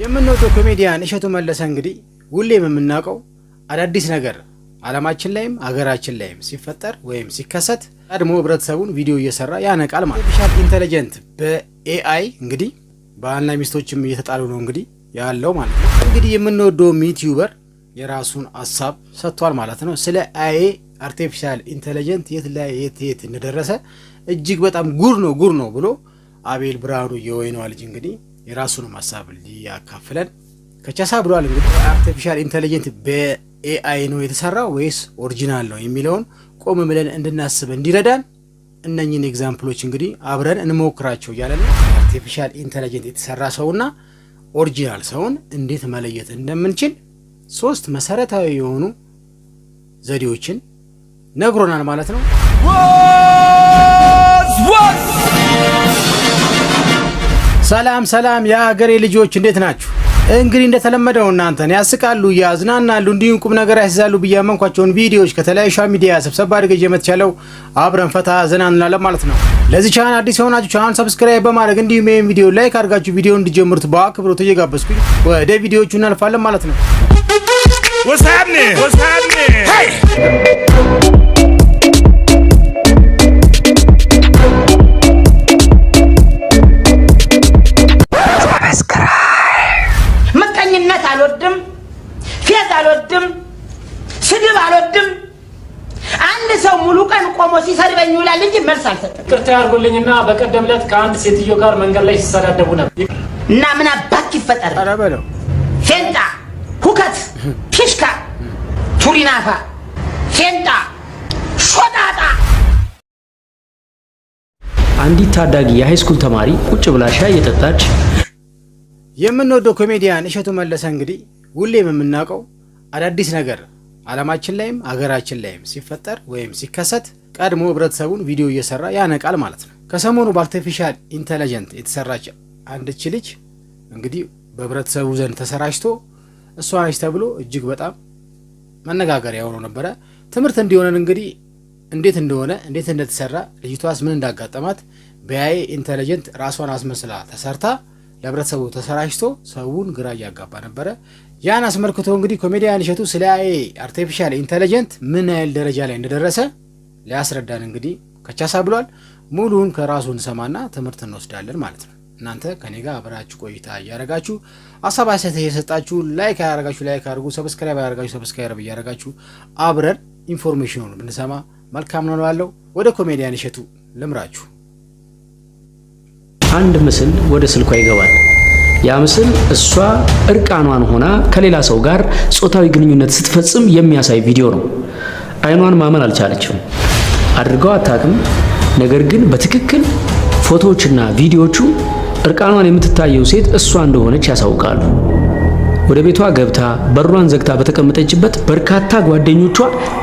የምንወደው ኮሜዲያን እሸቱ መለሰ እንግዲህ ሁሌም የምናውቀው አዳዲስ ነገር አለማችን ላይም አገራችን ላይም ሲፈጠር ወይም ሲከሰት ቀድሞ ህብረተሰቡን ቪዲዮ እየሰራ ያነቃል ማለት አርቲፊሻል ኢንቴሊጀንት በኤአይ እንግዲህ ባልና ሚስቶችም እየተጣሉ ነው እንግዲህ ያለው ማለት ነው። እንግዲህ የምንወደውም ዩቲዩበር የራሱን ሀሳብ ሰጥቷል ማለት ነው። ስለ አይኤ አርቲፊሻል ኢንቴሊጀንት የት ላይ የት የት እንደደረሰ እጅግ በጣም ጉር ነው ጉር ነው ብሎ አቤል ብርሃኑ የወይኗ ልጅ እንግዲህ የራሱንም ሀሳብ ሊያካፍለን ከቻሳ ብሏል። እንግዲህ አርቲፊሻል ኢንቴሊጀንት በኤአይ ነው የተሰራ ወይስ ኦሪጂናል ነው የሚለውን ቆም ብለን እንድናስብ እንዲረዳን እነኝን ኤግዛምፕሎች እንግዲህ አብረን እንሞክራቸው እያለ ነው። አርቲፊሻል ኢንቴሊጀንት የተሰራ ሰውና ኦሪጂናል ሰውን እንዴት መለየት እንደምንችል ሶስት መሰረታዊ የሆኑ ዘዴዎችን ነግሮናል ማለት ነው። ሰላም ሰላም የሀገሬ ልጆች እንዴት ናችሁ? እንግዲህ እንደተለመደው እናንተን ያስቃሉ፣ ያዝናናሉ እንዲሁም ቁም ነገር ያስይዛሉ ብዬ ያመንኳቸውን ቪዲዮዎች ከተለያዩ ሶሻል ሚዲያ ሰብሰብ አድርጌ የመትቻለው አብረን ፈታ ዘና እንላለን ማለት ነው። ለዚህ ቻናል አዲስ የሆናችሁ ቻናል ሰብስክራይብ በማድረግ እንዲሁም ይህን ቪዲዮ ላይክ አድርጋችሁ ቪዲዮ እንዲጀምሩት በአክብሮት እየጋበዝኩኝ ወደ ቪዲዮቹ እናልፋለን ማለት ነው። ሲሰድበኝ ይውላል እንጂ መልስ አልሰጠም። ይቅርታ ያድርጉልኝና በቀደም ዕለት ከአንድ ሴትዮ ጋር መንገድ ላይ ሲሰዳደቡ ነበር እና ምን አባክ ይፈጠር ፌንጣ፣ ሁከት፣ ፊሽካ፣ ቱሪናፋ፣ ፌንጣ፣ ሾጣጣ። አንዲት ታዳጊ የሃይስኩል ተማሪ ቁጭ ብላ ሻይ እየጠጣች የምንወደው ኮሜዲያን እሸቱ መለሰ እንግዲህ ሁሌም የምናውቀው አዳዲስ ነገር አለማችን ላይም አገራችን ላይም ሲፈጠር ወይም ሲከሰት ቀድሞ ህብረተሰቡን ቪዲዮ እየሰራ ያነቃል ማለት ነው። ከሰሞኑ በአርቲፊሻል ኢንተለጀንት የተሰራች አንድች ልጅ እንግዲህ በህብረተሰቡ ዘንድ ተሰራጭቶ እሷ ነች ተብሎ እጅግ በጣም መነጋገሪያ የሆነው ነበረ። ትምህርት እንዲሆነን እንግዲህ እንዴት እንደሆነ እንዴት እንደተሰራ ልጅቷስ ምን እንዳጋጠማት በያይ ኢንተለጀንት ራሷን አስመስላ ተሰርታ ለህብረተሰቡ ተሰራጭቶ ሰውን ግራ እያጋባ ነበረ። ያን አስመልክቶ እንግዲህ ኮሜዲያን እሸቱ ስለ ኤአይ አርቲፊሻል ኢንተለጀንት ምን ያህል ደረጃ ላይ እንደደረሰ ሊያስረዳን እንግዲህ ከቻሳ ብሏል። ሙሉውን ከራሱ እንሰማና ትምህርት እንወስዳለን ማለት ነው። እናንተ ከኔ ጋር አብራችሁ ቆይታ እያደረጋችሁ አሳብ አሰተ እየሰጣችሁ ላይክ ያደረጋችሁ ላይክ አድርጉ፣ ሰብስክራይብ ያደረጋችሁ ሰብስክራይብ እያረጋችሁ አብረን ኢንፎርሜሽኑን ብንሰማ መልካም ነው ያለው። ወደ ኮሜዲያን እሸቱ ልምራችሁ። አንድ ምስል ወደ ስልኳ ይገባል። ያ ምስል እሷ እርቃኗን ሆና ከሌላ ሰው ጋር ጾታዊ ግንኙነት ስትፈጽም የሚያሳይ ቪዲዮ ነው። አይኗን ማመን አልቻለችም። አድርገው አታውቅም። ነገር ግን በትክክል ፎቶዎችና ቪዲዮዎቹ እርቃኗን የምትታየው ሴት እሷ እንደሆነች ያሳውቃሉ። ወደ ቤቷ ገብታ በሯን ዘግታ በተቀመጠችበት በርካታ ጓደኞቿ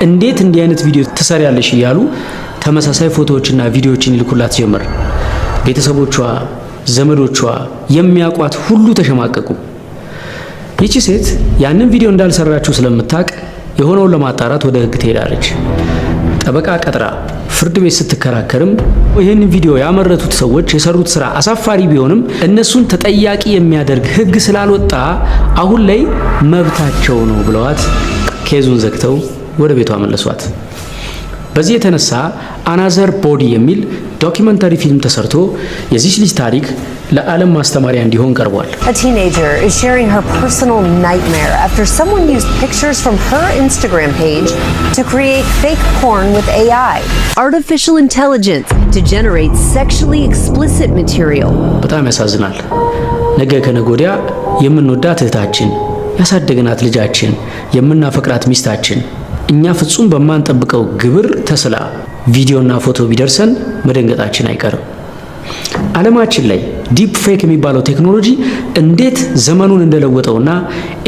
እንዴት እንዲህ አይነት ቪዲዮ ትሰሪያለሽ እያሉ ተመሳሳይ ፎቶዎችና ቪዲዮዎችን ይልኩላት ጀመር። ቤተሰቦቿ፣ ዘመዶቿ፣ የሚያውቋት ሁሉ ተሸማቀቁ። ይቺ ሴት ያንን ቪዲዮ እንዳልሰራችው ስለምታውቅ የሆነውን ለማጣራት ወደ ህግ ትሄዳለች። ጠበቃ ቀጥራ ፍርድ ቤት ስትከራከርም ይህንን ቪዲዮ ያመረቱት ሰዎች የሰሩት ስራ አሳፋሪ ቢሆንም እነሱን ተጠያቂ የሚያደርግ ህግ ስላልወጣ አሁን ላይ መብታቸው ነው ብለዋት ኬዙን ዘግተው ወደ ቤቷ መለሷት። በዚህ የተነሳ አናዘር ቦዲ የሚል ዶኪመንታሪ ፊልም ተሰርቶ የዚች ልጅ ታሪክ ለዓለም ማስተማሪያ እንዲሆን ቀርቧል። በጣም ያሳዝናል። ነገ ከነጎዲያ የምንወዳት እህታችን፣ ያሳደግናት ልጃችን፣ የምናፈቅራት ሚስታችን እኛ ፍጹም በማንጠብቀው ግብር ተስላ ቪዲዮና ፎቶ ቢደርሰን መደንገጣችን አይቀርም። ዓለማችን ላይ ዲፕ ፌክ የሚባለው ቴክኖሎጂ እንዴት ዘመኑን እንደለወጠውና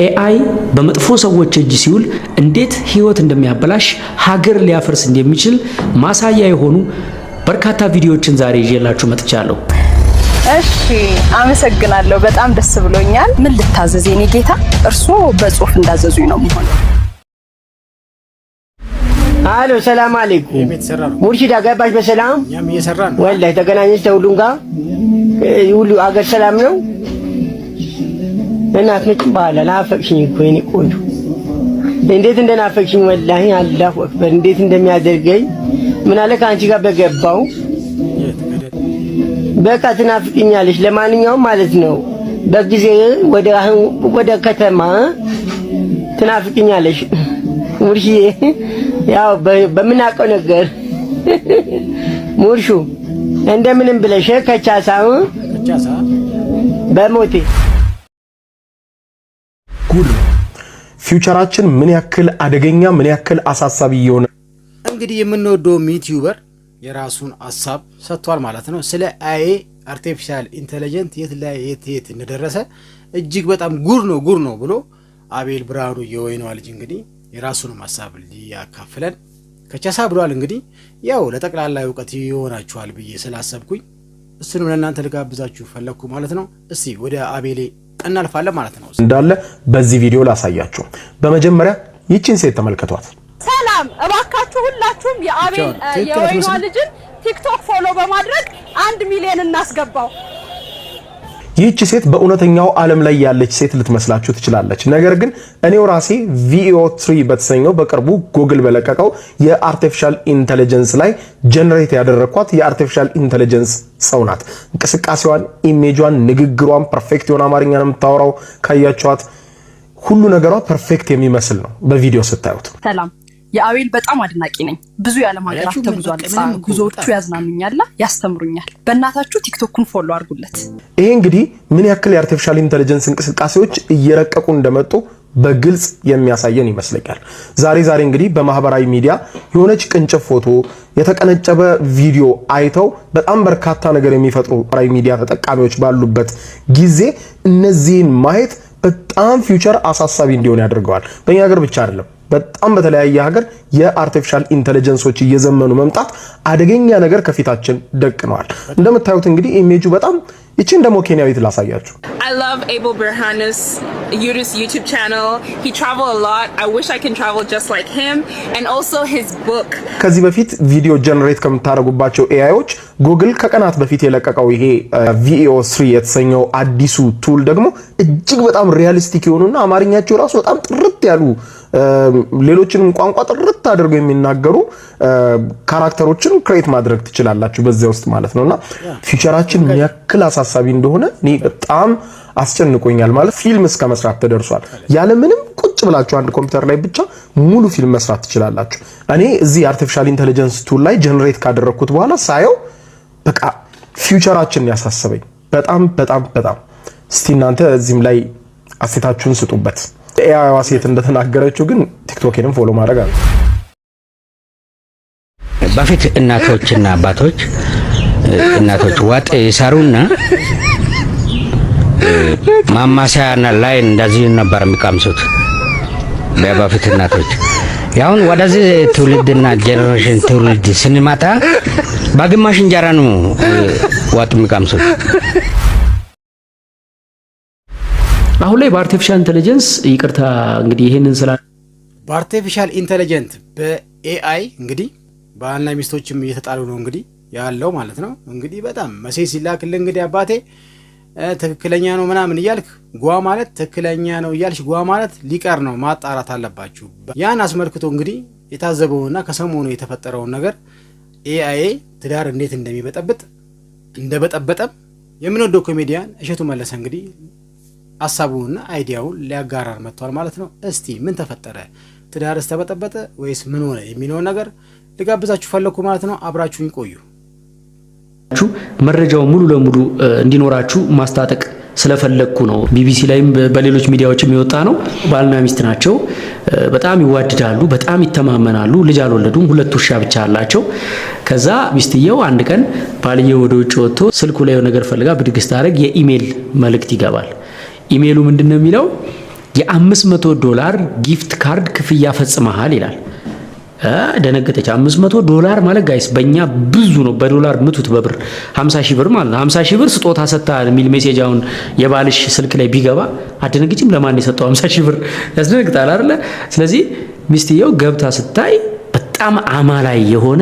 ኤአይ በመጥፎ ሰዎች እጅ ሲውል እንዴት ህይወት እንደሚያበላሽ ሀገር ሊያፈርስ እንደሚችል ማሳያ የሆኑ በርካታ ቪዲዮዎችን ዛሬ ይዤላችሁ መጥቻለሁ። እሺ፣ አመሰግናለሁ። በጣም ደስ ብሎኛል። ምን ልታዘዝ የኔ ጌታ? እርስዎ በጽሁፍ እንዳዘዙኝ ነው የሚሆነው። አሎ ሰላም አለይኩም ሙርሺድ አገባሽ በሰላም ያም እየሰራ ወላሂ ተገናኘች ተሁሉም ጋር ሁሉ አገር ሰላም ነው እና አትመጭም በኋላ ናፈቅሽኝ እኮ የእኔ ቆንጆ እንዴት እንደናፈቅሽኝ ወላሂ አላሁ አክበር እንዴት እንደሚያደርገኝ ምን አለ ከአንቺ ጋር በገባው በቃ ትናፍቅኛለሽ ለማንኛውም ማለት ነው በጊዜ ወደ አሁን ወደ ከተማ ትናፍቅኛለሽ ሙርሺዬ ያው በምናውቀው ነገር ሙርሹ እንደምንም ብለሽ ከቻሳው በሞቴ ጉድ ፊውቸራችን ምን ያክል አደገኛ ምን ያክል አሳሳቢ እየሆነ እንግዲህ የምንወደው ዩቲዩበር የራሱን ሀሳብ ሰጥቷል ማለት ነው። ስለ አይ አርቲፊሻል ኢንተለጀንት የት ላይ የት የት እንደደረሰ እጅግ በጣም ጉር ነው ጉር ነው ብሎ አቤል ብርሃኑ የወይነዋ ልጅ እንግዲህ የራሱንም ሀሳብ ሊያካፍለን ከቻሳ ብሏል። እንግዲህ ያው ለጠቅላላ እውቀት ይሆናችኋል ብዬ ስላሰብኩኝ እሱንም ለእናንተ ልጋብዛችሁ ፈለግኩ ማለት ነው። እስቲ ወደ አቤሌ እናልፋለን ማለት ነው። እንዳለ በዚህ ቪዲዮ ላሳያችሁ። በመጀመሪያ ይችን ሴት ተመልከቷት። ሰላም፣ እባካችሁ ሁላችሁም የአቤል የወይኗ ልጅን ቲክቶክ ፎሎ በማድረግ አንድ ሚሊዮን እናስገባው። ይህች ሴት በእውነተኛው ዓለም ላይ ያለች ሴት ልትመስላችሁ ትችላለች። ነገር ግን እኔው ራሴ ቪኦ 3 በተሰኘው በቅርቡ ጎግል በለቀቀው የአርቲፊሻል ኢንተለጀንስ ላይ ጀነሬት ያደረግኳት የአርቲፊሻል ኢንተለጀንስ ሰው ናት። እንቅስቃሴዋን፣ ኢሜጇን፣ ንግግሯን ፐርፌክት የሆነ አማርኛ ነው የምታወራው። ካያችኋት ሁሉ ነገሯ ፐርፌክት የሚመስል ነው በቪዲዮ ስታዩት። ሰላም የአቤል በጣም አድናቂ ነኝ። ብዙ የዓለም ሀገራት ተጉዟል። ጉዞዎቹ ያዝናኑኛላ፣ ያስተምሩኛል። በእናታችሁ ቲክቶኩን ፎሎ አድርጉለት። ይሄ እንግዲህ ምን ያክል የአርቲፊሻል ኢንተለጀንስ እንቅስቃሴዎች እየረቀቁ እንደመጡ በግልጽ የሚያሳየን ይመስለኛል። ዛሬ ዛሬ እንግዲህ በማህበራዊ ሚዲያ የሆነች ቅንጭብ ፎቶ፣ የተቀነጨበ ቪዲዮ አይተው በጣም በርካታ ነገር የሚፈጥሩ ማህበራዊ ሚዲያ ተጠቃሚዎች ባሉበት ጊዜ እነዚህን ማየት በጣም ፊውቸር አሳሳቢ እንዲሆን ያደርገዋል። በእኛ ሀገር ብቻ አይደለም በጣም በተለያየ ሀገር የአርቲፊሻል ኢንተለጀንሶች እየዘመኑ መምጣት አደገኛ ነገር ከፊታችን ደቅነዋል። እንደምታዩት እንግዲህ ኢሜጁ በጣም ይቺን ደግሞ ኬንያዊት ላሳያችሁ። I love Abel Burhan's YouTube channel. He travel a lot. I wish I can travel just like him and also his book. ከዚህ በፊት ቪዲዮ ጀነሬት ከምታደርጉባቸው ኤአይዎች ጉግል ከቀናት በፊት የለቀቀው ይሄ VEO3 የተሰኘው አዲሱ ቱል ደግሞ እጅግ በጣም ሪያሊስቲክ የሆኑና አማርኛቸው ራሱ በጣም ጥርት ያሉ ሌሎችንም ቋንቋ ጥርት አድርገው የሚናገሩ ካራክተሮችን ክሬት ማድረግ ትችላላችሁ በዚያ ውስጥ ማለት ነውና ፊውቸራችን ምን ያክል አሳሳቢ እንደሆነ እኔ በጣም አስጨንቆኛል። ማለት ፊልም እስከ መስራት ተደርሷል። ያለምንም ቁጭ ብላችሁ አንድ ኮምፒውተር ላይ ብቻ ሙሉ ፊልም መስራት ትችላላችሁ። እኔ እዚህ አርቲፊሻል ኢንተለጀንስ ቱል ላይ ጀነሬት ካደረግኩት በኋላ ሳየው በቃ ፊውቸራችን ያሳሰበኝ በጣም በጣም በጣም። እስቲ እናንተ እዚህም ላይ አሴታችሁን ስጡበት። ኤአይዋ ሴት እንደተናገረችው ግን ቲክቶኬንም ፎሎ ማድረግ አለ። በፊት እናቶችና አባቶች እናቶች ዋጥ ይሰሩና ማማሰያ ላይ እንደዚህ ነበር የሚቀምሱት በፊት እናቶች። ያሁን ወደዚህ ትውልድና ጀኔሬሽን ትውልድ ስንመጣ በግማሽ እንጀራ ነው ወጥ የሚቀምሱት። አሁን ላይ በአርቲፊሻል ኢንቴሊጀንስ ይቅርታ እንግዲህ ይሄንን ስላ በአርቲፊሻል ኢንቴሊጀንት በኤአይ እንግዲህ ባልና ሚስቶችም እየተጣሉ ነው እንግዲህ ያለው ማለት ነው። እንግዲህ በጣም መሴ ሲላክል እንግዲህ አባቴ ትክክለኛ ነው ምናምን እያልክ ጓ ማለት ትክክለኛ ነው እያልሽ ጓ ማለት ሊቀር ነው፣ ማጣራት አለባችሁ። ያን አስመልክቶ እንግዲህ የታዘበውና ከሰሞኑ የተፈጠረውን ነገር ኤአይ ትዳር እንዴት እንደሚበጠብጥ እንደበጠበጠም የምንወደው ኮሜዲያን እሸቱ መለሰ እንግዲህ ሀሳቡንና አይዲያውን ሊያጋራን መጥቷል ማለት ነው። እስቲ ምን ተፈጠረ? ትዳርስ ተበጠበጠ ወይስ ምን ሆነ የሚለውን ነገር ልጋብዛችሁ ፈለግኩ ማለት ነው። አብራችሁኝ ቆዩ። መረጃው ሙሉ ለሙሉ እንዲኖራችሁ ማስታጠቅ ስለፈለግኩ ነው። ቢቢሲ ላይም በሌሎች ሚዲያዎችም የወጣ ነው። ባልና ሚስት ናቸው። በጣም ይዋድዳሉ፣ በጣም ይተማመናሉ። ልጅ አልወለዱም። ሁለት ውሻ ብቻ አላቸው። ከዛ ሚስትየው አንድ ቀን ባልየው ወደ ውጭ ወጥቶ ስልኩ ላይ ነገር ፈልጋ ብድግ ስታደርግ የኢሜይል መልእክት ይገባል። ኢሜሉ ምንድን ነው የሚለው? የ500 ዶላር ጊፍት ካርድ ክፍያ ፈጽመሃል ይላል። ደነገጠች። 500 ዶላር ማለት ጋይስ በእኛ ብዙ ነው። በዶላር ምቱት፣ በብር 50 ሺህ ብር ማለት ነው። 50 ሺህ ብር ስጦታ ሰጥተሃል የሚል ሜሴጅ አሁን የባልሽ ስልክ ላይ ቢገባ አደነግጭም? ለማን የሰጠው 50 ሺህ ብር ያስደነግጣል አይደለ? ስለዚህ ሚስትየው ገብታ ስታይ በጣም አማላይ የሆነ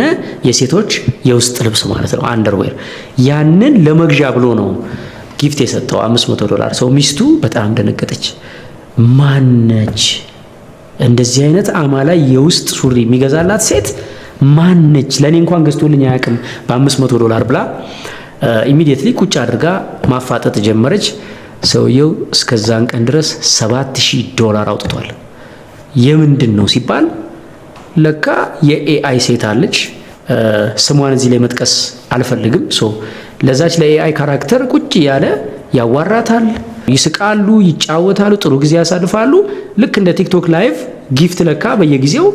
የሴቶች የውስጥ ልብስ ማለት ነው፣ አንደርዌር ያንን ለመግዣ ብሎ ነው ጊፍት የሰጠው 500 ዶላር ሰው ሚስቱ በጣም ደነገጠች። ማነች እንደዚህ አይነት አማላይ የውስጥ ሱሪ የሚገዛላት ሴት ማነች? ለእኔ እንኳን ገዝቶልኝ አያውቅም በአምስት መቶ ዶላር ብላ ኢሚዲየትሊ ቁጭ አድርጋ ማፋጠጥ ጀመረች። ሰውየው እስከዛን ቀን ድረስ ሰባት ሺህ ዶላር አውጥቷል። የምንድን ነው ሲባል ለካ የኤአይ ሴት አለች። ስሟን እዚህ ላይ መጥቀስ አልፈልግም። ለዛች ለኤአይ ካራክተር ቁጭ ያለ ያዋራታል፣ ይስቃሉ፣ ይጫወታሉ፣ ጥሩ ጊዜ ያሳልፋሉ። ልክ እንደ ቲክቶክ ላይቭ ጊፍት ለካ በየጊዜው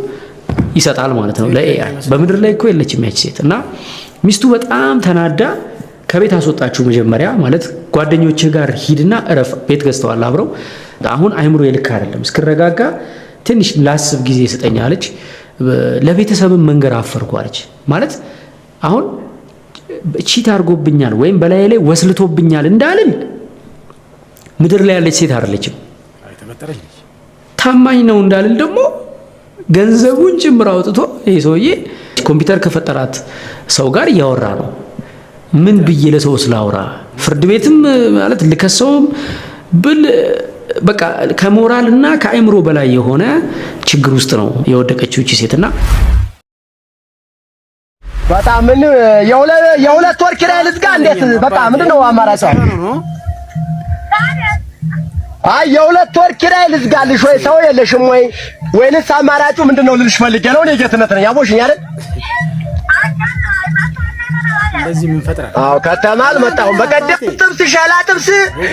ይሰጣል ማለት ነው ለኤአይ። በምድር ላይ እኮ የለችም ያች ሴት እና ሚስቱ በጣም ተናዳ ከቤት አስወጣችሁ። መጀመሪያ ማለት ጓደኞችህ ጋር ሂድና እረፍ። ቤት ገዝተዋል አብረው። አሁን አይምሮ የልክ አይደለም፣ እስክረጋጋ ትንሽ ላስብ ጊዜ ስጠኝ አለች። ለቤተሰብም መንገር አፈርኩ አለች። ማለት አሁን ቺት አድርጎብኛል ወይም በላይ ላይ ወስልቶብኛል እንዳልን ምድር ላይ ያለች ሴት አይደለችም። ታማኝ ነው እንዳልን ደግሞ ገንዘቡን ጭምር አውጥቶ ይሄ ሰውዬ ኮምፒውተር ከፈጠራት ሰው ጋር እያወራ ነው። ምን ብዬ ለሰው ስላውራ ፍርድ ቤትም ማለት ልከሰውም ብል በቃ ከሞራል እና ከአእምሮ በላይ የሆነ ችግር ውስጥ ነው የወደቀችው እቺ ሴትና በጣም ምን የሁለት ወር ኪራይ ልዝጋ? እንዴት በጣም ምን ነው አማራጭ? አይ የሁለት ወር ኪራይ ልዝጋልሽ ወይ ሰው የለሽም ወይ ወይንስ አማራጩ ምንድነው ልልሽ ፈልጌ ነው። እኔ ጌትነት ነኝ። ያቦሽኝ አይደል ከተማ አልመጣሁም። በቀደም ጥብስ ሸላ ጥብስ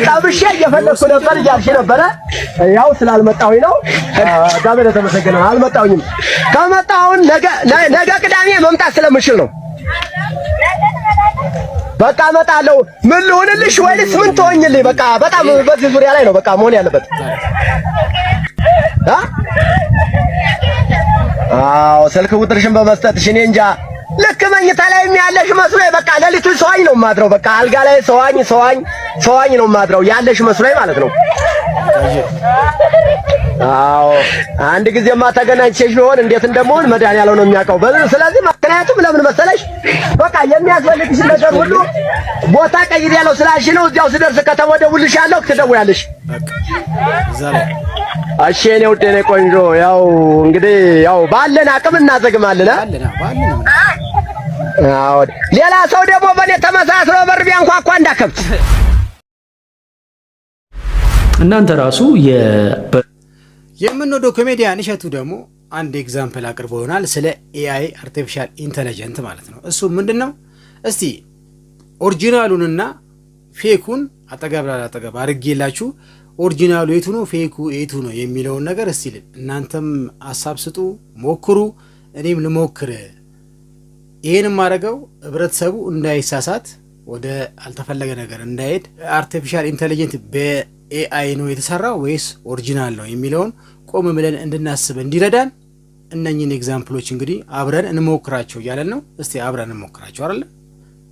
ጠብሼ ነበር እያልሽ ነበረ። ያው ስላልመጣሁኝ ነው። እግዚአብሔር የተመሰገነ አልመጣሁኝም። ከመጣሁን ነገ ቅዳሜ መምጣት ስለምችል ነው። በቃ እመጣለሁ። ምን ልሆንልሽ ወይስ ምን ትሆኝልኝ? በቃ በጣም በዚህ ዙሪያ ላይ ነው በቃ መሆን ያለበት። አዎ ስልክ ቁጥርሽን በመስጠትሽ እኔ እንጃ ልክ መኝታ ላይ የሚያለሽ መስሎኝ በቃ ሌሊቱን ሰዋኝ ነው ማድረው። በቃ አልጋ ላይ ሰዋኝ ሰዋኝ ሰዋኝ ነው ማድረው ያለሽ መስሎኝ ማለት ነው። አዎ አንድ ጊዜማ ተገናኝቼሽ ቢሆን እንዴት እንደምሆን መድኃኒዓለም ነው የሚያውቀው። ስለዚህ ምክንያቱም ለምን መሰለሽ በቃ የሚያስፈልግሽ ነገር ሁሉ ቦታ ቀይር ያለው ስላልሽ ነው። እዚያው ስደርስ ከተመደውልሻለሁ፣ ትደውያለሽ። እሺ የኔ ውድ የኔ ቆንጆ፣ ያው እንግዲህ ያው ባለን አቅም እናዘግማለን። አዎድ ሌላ ሰው ደግሞ በኔ ተመሳስሎ በር ቢያንኳኳ እንዳከብት እናንተ ራሱ የምንወደው ኮሜዲያን እሸቱ ደግሞ አንድ ኤግዛምፕል አቅርቦ ይሆናል ስለ ኤአይ አርቲፊሻል ኢንተለጀንት ማለት ነው። እሱ ምንድን ነው? እስቲ ኦሪጂናሉንና ፌኩን አጠገብ ላላጠገብ አድርጌላችሁ ኦሪጂናሉ የቱ ነው ፌኩ የቱ ነው የሚለውን ነገር እስቲ እናንተም ሀሳብ ስጡ፣ ሞክሩ፣ እኔም ልሞክር ይህን የማደርገው ህብረተሰቡ እንዳይሳሳት ወደ አልተፈለገ ነገር እንዳይሄድ አርቲፊሻል ኢንቴሊጀንት በኤአይ ነው የተሰራ ወይስ ኦሪጂናል ነው የሚለውን ቆም ብለን እንድናስብ እንዲረዳን እነኝን ኤግዛምፕሎች እንግዲህ አብረን እንሞክራቸው እያለን ነው። እስቲ አብረን እንሞክራቸው አለ።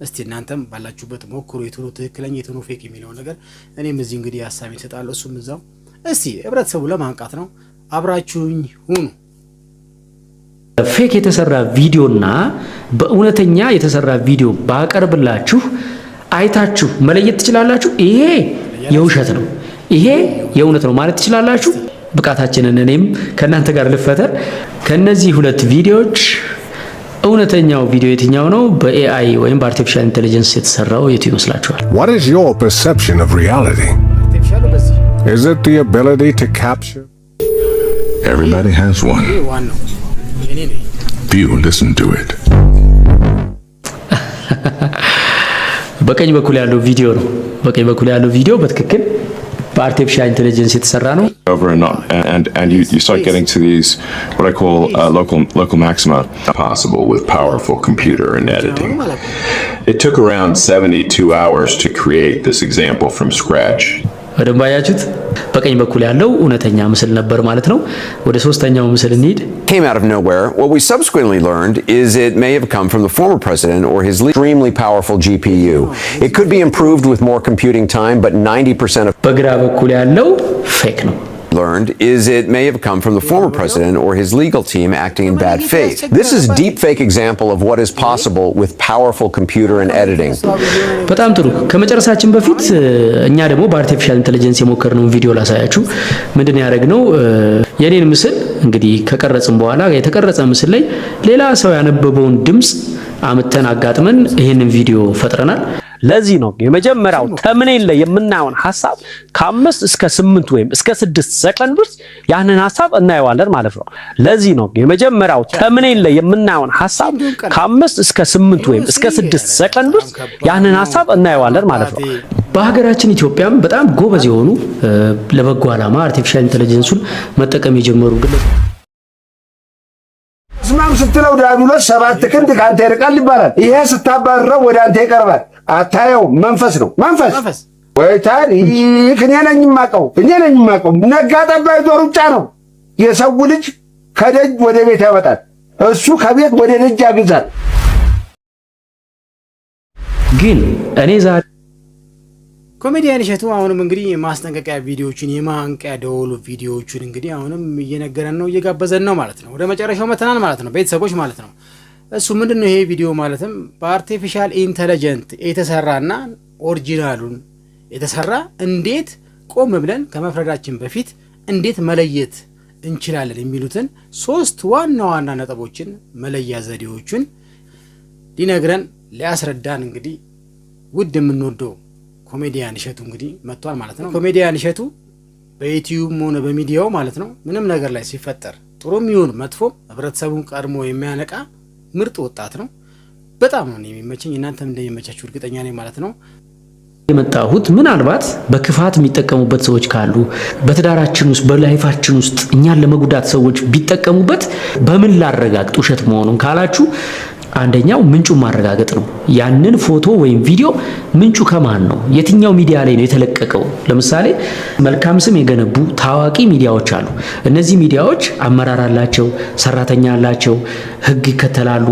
እስቲ እናንተም ባላችሁበት ሞክሩ። የትኑ ትክክለኛ የትኑ ፌክ የሚለውን ነገር እኔም እዚህ እንግዲህ ሀሳቤን እሰጣለሁ፣ እሱም እዛው። እስቲ ህብረተሰቡ ለማንቃት ነው። አብራችሁኝ ሁኑ። ፌክ የተሰራ ቪዲዮና በእውነተኛ የተሰራ ቪዲዮ ባቀርብላችሁ አይታችሁ መለየት ትችላላችሁ። ይሄ የውሸት ነው፣ ይሄ የእውነት ነው ማለት ትችላላችሁ። ብቃታችንን እኔም ከእናንተ ጋር ልፈተር። ከነዚህ ሁለት ቪዲዮዎች እውነተኛው ቪዲዮ የትኛው ነው? በኤአይ ወይም በአርቲፊሻል ኢንቴሊጀንስ የተሰራው የቱ ይመስላችኋል? What is your in You listen to it. በቀኝ በኩል ያለው ቪዲዮ ነው። በቀኝ በኩል ያለው ቪዲዮ በትክክል በአርቲፊሻል ኢንቴሊጀንስ የተሰራ ነው። over and and and you, you start getting to these what I call uh, local local maxima possible with powerful computer and editing. It took around 72 hours to create this example from scratch. በቀኝ በኩል ያለው እውነተኛ ምስል ነበር ማለት ነው። ወደ ሶስተኛው ምስል እንሂድ። came out of nowhere. What we subsequently learned is it may have come from the former president or his extremely powerful GPU. It could be improved with more computing time, but 90% of በግራ በኩል ያለው ፌክ ነው learned is it may have come from the former president or his legal team acting in bad faith. This is deepfake example of what is possible with powerful computer and oh, editing. በጣም ጥሩ። ከመጨረሳችን በፊት uh, እኛ ደግሞ በአርቲፊሻል ኢንተለጀንስ የሞከርነውን ቪዲዮ ላሳያችሁ። ምንድን ያደረግነው uh, የኔን ምስል እንግዲህ ከቀረጽን በኋላ የተቀረጸ ምስል ላይ ሌላ ሰው ያነበበውን ድምፅ አምተን አጋጥመን ይህንን ቪዲዮ ፈጥረናል። ለዚህ ነው የመጀመሪያው ተምኔል ላይ የምናየውን ሐሳብ ከአምስት እስከ ስምንት ወይም እስከ ስድስት ሰከንድ ውስጥ ያንን ሐሳብ እናየዋለን ማለት ነው። ለዚህ ነው የመጀመሪያው ተምኔል ላይ የምናየውን ሐሳብ ከአምስት እስከ ስምንት ወይም እስከ ስድስት ሰከንድ ውስጥ ያንን ሐሳብ እናየዋለን ማለት ነው። በሀገራችን ኢትዮጵያም በጣም ጎበዝ የሆኑ ለበጎ ዓላማ አርቲፊሻል ኢንተለጀንሱን መጠቀም የጀመሩ ግለሰቦች ስማም ስትለው ዳኑሎች ሰባት ክንድ ከአንተ ይርቃል ይባላል። ይሄ ስታባረው ወደ አንተ ይቀርባል። አታየው መንፈስ ነው መንፈስ ወይ ታሪክ እኔ ነኝ የማውቀው እኔ ነኝ የማውቀው ነጋ ጠባ ይዞ ሩጫ ነው የሰው ልጅ ከደጅ ወደ ቤት ያመጣል እሱ ከቤት ወደ ደጅ ያግዛል ግን እኔ ዛሬ ኮሜዲያን እሸቱ አሁንም እንግዲህ የማስጠንቀቂያ ቪዲዮዎችን የማንቂያ ደወሉ ቪዲዮዎችን እንግዲህ አሁንም እየነገረን ነው እየጋበዘን ነው ማለት ነው። ወደ መጨረሻው መተናል ማለት ነው ቤተሰቦች ማለት ነው። እሱ ምንድን ነው ይሄ ቪዲዮ ማለትም በአርቲፊሻል ኢንተለጀንት የተሰራና ኦሪጂናሉን የተሰራ እንዴት ቆም ብለን ከመፍረዳችን በፊት እንዴት መለየት እንችላለን የሚሉትን ሶስት ዋና ዋና ነጥቦችን መለያ ዘዴዎችን ሊነግረን ሊያስረዳን እንግዲህ ውድ የምንወደው ኮሜዲያን እሸቱ እንግዲህ መጥቷል ማለት ነው። ኮሜዲያን እሸቱ በዩቲዩብም ሆነ በሚዲያው ማለት ነው ምንም ነገር ላይ ሲፈጠር ጥሩም ይሁን መጥፎም ህብረተሰቡን ቀድሞ የሚያነቃ ምርጥ ወጣት ነው። በጣም ነው የሚመቸኝ። እናንተም እንደሚመቻችሁ እርግጠኛ ነኝ ማለት ነው። የመጣሁት ምናልባት በክፋት የሚጠቀሙበት ሰዎች ካሉ በትዳራችን ውስጥ በላይፋችን ውስጥ እኛን ለመጉዳት ሰዎች ቢጠቀሙበት በምን ላረጋግጥ ውሸት መሆኑን ካላችሁ አንደኛው ምንጩን ማረጋገጥ ነው። ያንን ፎቶ ወይም ቪዲዮ ምንጩ ከማን ነው? የትኛው ሚዲያ ላይ ነው የተለቀቀው? ለምሳሌ መልካም ስም የገነቡ ታዋቂ ሚዲያዎች አሉ። እነዚህ ሚዲያዎች አመራር አላቸው፣ ሰራተኛ አላቸው፣ ህግ ይከተላሉ፣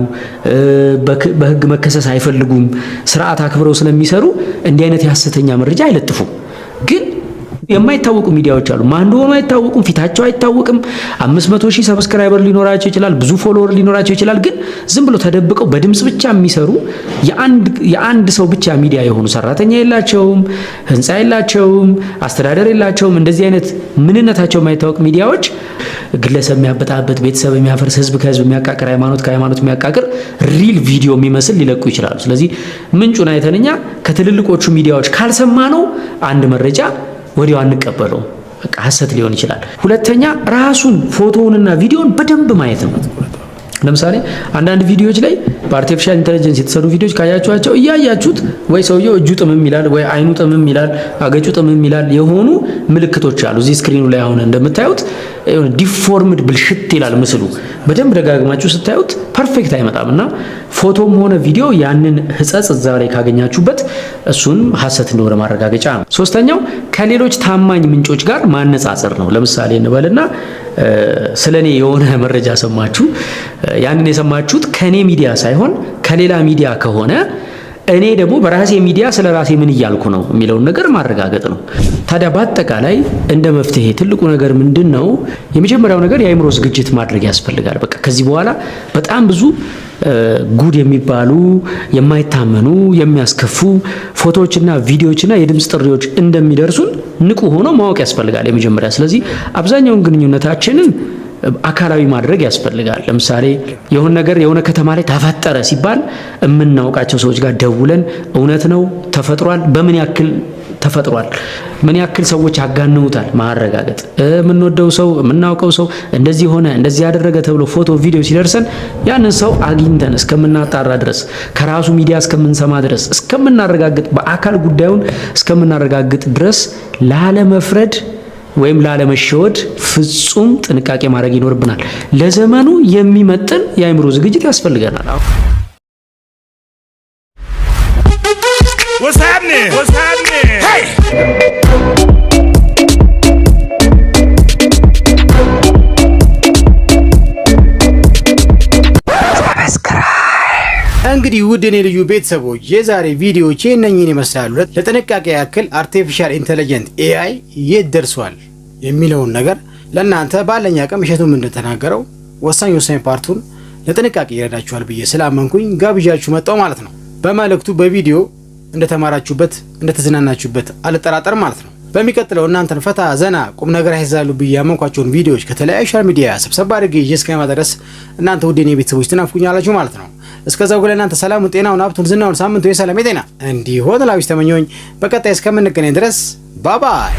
በህግ መከሰስ አይፈልጉም፣ ስርዓት አክብረው ስለሚሰሩ እንዲህ አይነት የሐሰተኛ መረጃ አይለጥፉም። የማይታወቁ ሚዲያዎች አሉ። ማን እንደሆኑ አይታወቁም፣ ፊታቸው አይታወቅም። 500 ሺህ ሰብስክራይበር ሊኖራቸው ይችላል፣ ብዙ ፎሎወር ሊኖራቸው ይችላል። ግን ዝም ብሎ ተደብቀው በድምጽ ብቻ የሚሰሩ የአንድ ሰው ብቻ ሚዲያ የሆኑ ሰራተኛ የላቸውም፣ ህንፃ የላቸውም፣ አስተዳደር የላቸውም። እንደዚህ አይነት ምንነታቸው የማይታወቅ ሚዲያዎች ግለሰብ የሚያበጣበት፣ ቤተሰብ የሚያፈርስ፣ ህዝብ ከህዝብ የሚያቃቅር፣ ሃይማኖት ከሃይማኖት የሚያቃቅር ሪል ቪዲዮ የሚመስል ሊለቁ ይችላሉ። ስለዚህ ምንጩን አይተን ከትልልቆቹ ሚዲያዎች ካልሰማ ነው አንድ መረጃ ወዲያው አንቀበለውም። በቃ ሐሰት ሊሆን ይችላል። ሁለተኛ ራሱን ፎቶውንና ቪዲዮውን በደንብ ማየት ነው። ለምሳሌ አንዳንድ ቪዲዮዎች ላይ በአርቲፊሻል ኢንተለጀንስ የተሰሩ ቪዲዮዎች ካያችኋቸው እያያችሁት ወይ ሰውየው እጁ ጥምም ይላል፣ ወይ አይኑ ጥምም ይላል፣ አገጩ ጥምም ይላል። የሆኑ ምልክቶች አሉ እዚህ ስክሪኑ ላይ አሁን እንደምታዩት ዲፎርምድ ብልሽት ይላል ምስሉ። በደንብ ደጋግማችሁ ስታዩት ፐርፌክት አይመጣም እና ፎቶም ሆነ ቪዲዮ ያንን ህጸጽ እዛ ላይ ካገኛችሁበት እሱን ሀሰት እንደሆነ ማረጋገጫ ነው። ሶስተኛው ከሌሎች ታማኝ ምንጮች ጋር ማነጻጸር ነው። ለምሳሌ እንበልና ስለ እኔ የሆነ መረጃ ሰማችሁ። ያንን የሰማችሁት ከእኔ ሚዲያ ሳይሆን ከሌላ ሚዲያ ከሆነ እኔ ደግሞ በራሴ ሚዲያ ስለ ራሴ ምን እያልኩ ነው የሚለውን ነገር ማረጋገጥ ነው። ታዲያ በአጠቃላይ እንደ መፍትሄ ትልቁ ነገር ምንድን ነው? የመጀመሪያው ነገር የአይምሮ ዝግጅት ማድረግ ያስፈልጋል። በቃ ከዚህ በኋላ በጣም ብዙ ጉድ የሚባሉ የማይታመኑ የሚያስከፉ ፎቶዎችና ቪዲዮዎችና የድምፅ ጥሪዎች እንደሚደርሱን ንቁ ሆኖ ማወቅ ያስፈልጋል የመጀመሪያ። ስለዚህ አብዛኛውን ግንኙነታችንን አካላዊ ማድረግ ያስፈልጋል። ለምሳሌ የሆነ ነገር የሆነ ከተማ ላይ ተፈጠረ ሲባል የምናውቃቸው ሰዎች ጋር ደውለን እውነት ነው ተፈጥሯል፣ በምን ያክል ተፈጥሯል፣ ምን ያክል ሰዎች አጋንውታል ማረጋገጥ። የምንወደው ሰው የምናውቀው ሰው እንደዚህ ሆነ እንደዚህ ያደረገ ተብሎ ፎቶ፣ ቪዲዮ ሲደርሰን ያንን ሰው አግኝተን እስከምናጣራ ድረስ ከራሱ ሚዲያ እስከምንሰማ ድረስ እስከምናረጋግጥ፣ በአካል ጉዳዩን እስከምናረጋግጥ ድረስ ላለመፍረድ ወይም ላለመሸወድ ፍጹም ጥንቃቄ ማድረግ ይኖርብናል። ለዘመኑ የሚመጥን የአእምሮ ዝግጅት ያስፈልገናል። እንግዲህ ውድ የኔ ልዩ ቤተሰቦች የዛሬ ቪዲዮዎች እነኝህን ይመስላሉ። ለጥንቃቄ ያክል አርቲፊሻል ኢንቴሊጀንት ኤአይ የት ደርሷል የሚለውን ነገር ለእናንተ ባለኛ ቀም እሸቱም እንደተናገረው ወሳኝ ወሳኝ ፓርቱን ለጥንቃቄ ይረዳችኋል ብዬ ስላመንኩኝ ጋብዣችሁ መጣው ማለት ነው። በመልእክቱ በቪዲዮ እንደተማራችሁበት እንደተዝናናችሁበት አልጠራጠር ማለት ነው። በሚቀጥለው እናንተን ፈታ ዘና ቁም ነገር ያይዛሉ ብዬ ያመንኳቸውን ቪዲዮዎች ከተለያዩ ሶሻል ሚዲያ ስብሰባ አድርጌ ይዤ እስከሚመጣ እናንተ ውድ የኔ ቤተሰቦች ትናፍቁኛላችሁ ማለት ነው። እስከዛው ግን ለእናንተ ሰላሙን፣ ጤናውን፣ ሀብቱን፣ ዝናውን ሳምንቱ የሰላም የጤና እንዲሆን ላዊስ ተመኘሁኝ። በቀጣይ እስከምንገናኝ ድረስ ባባይ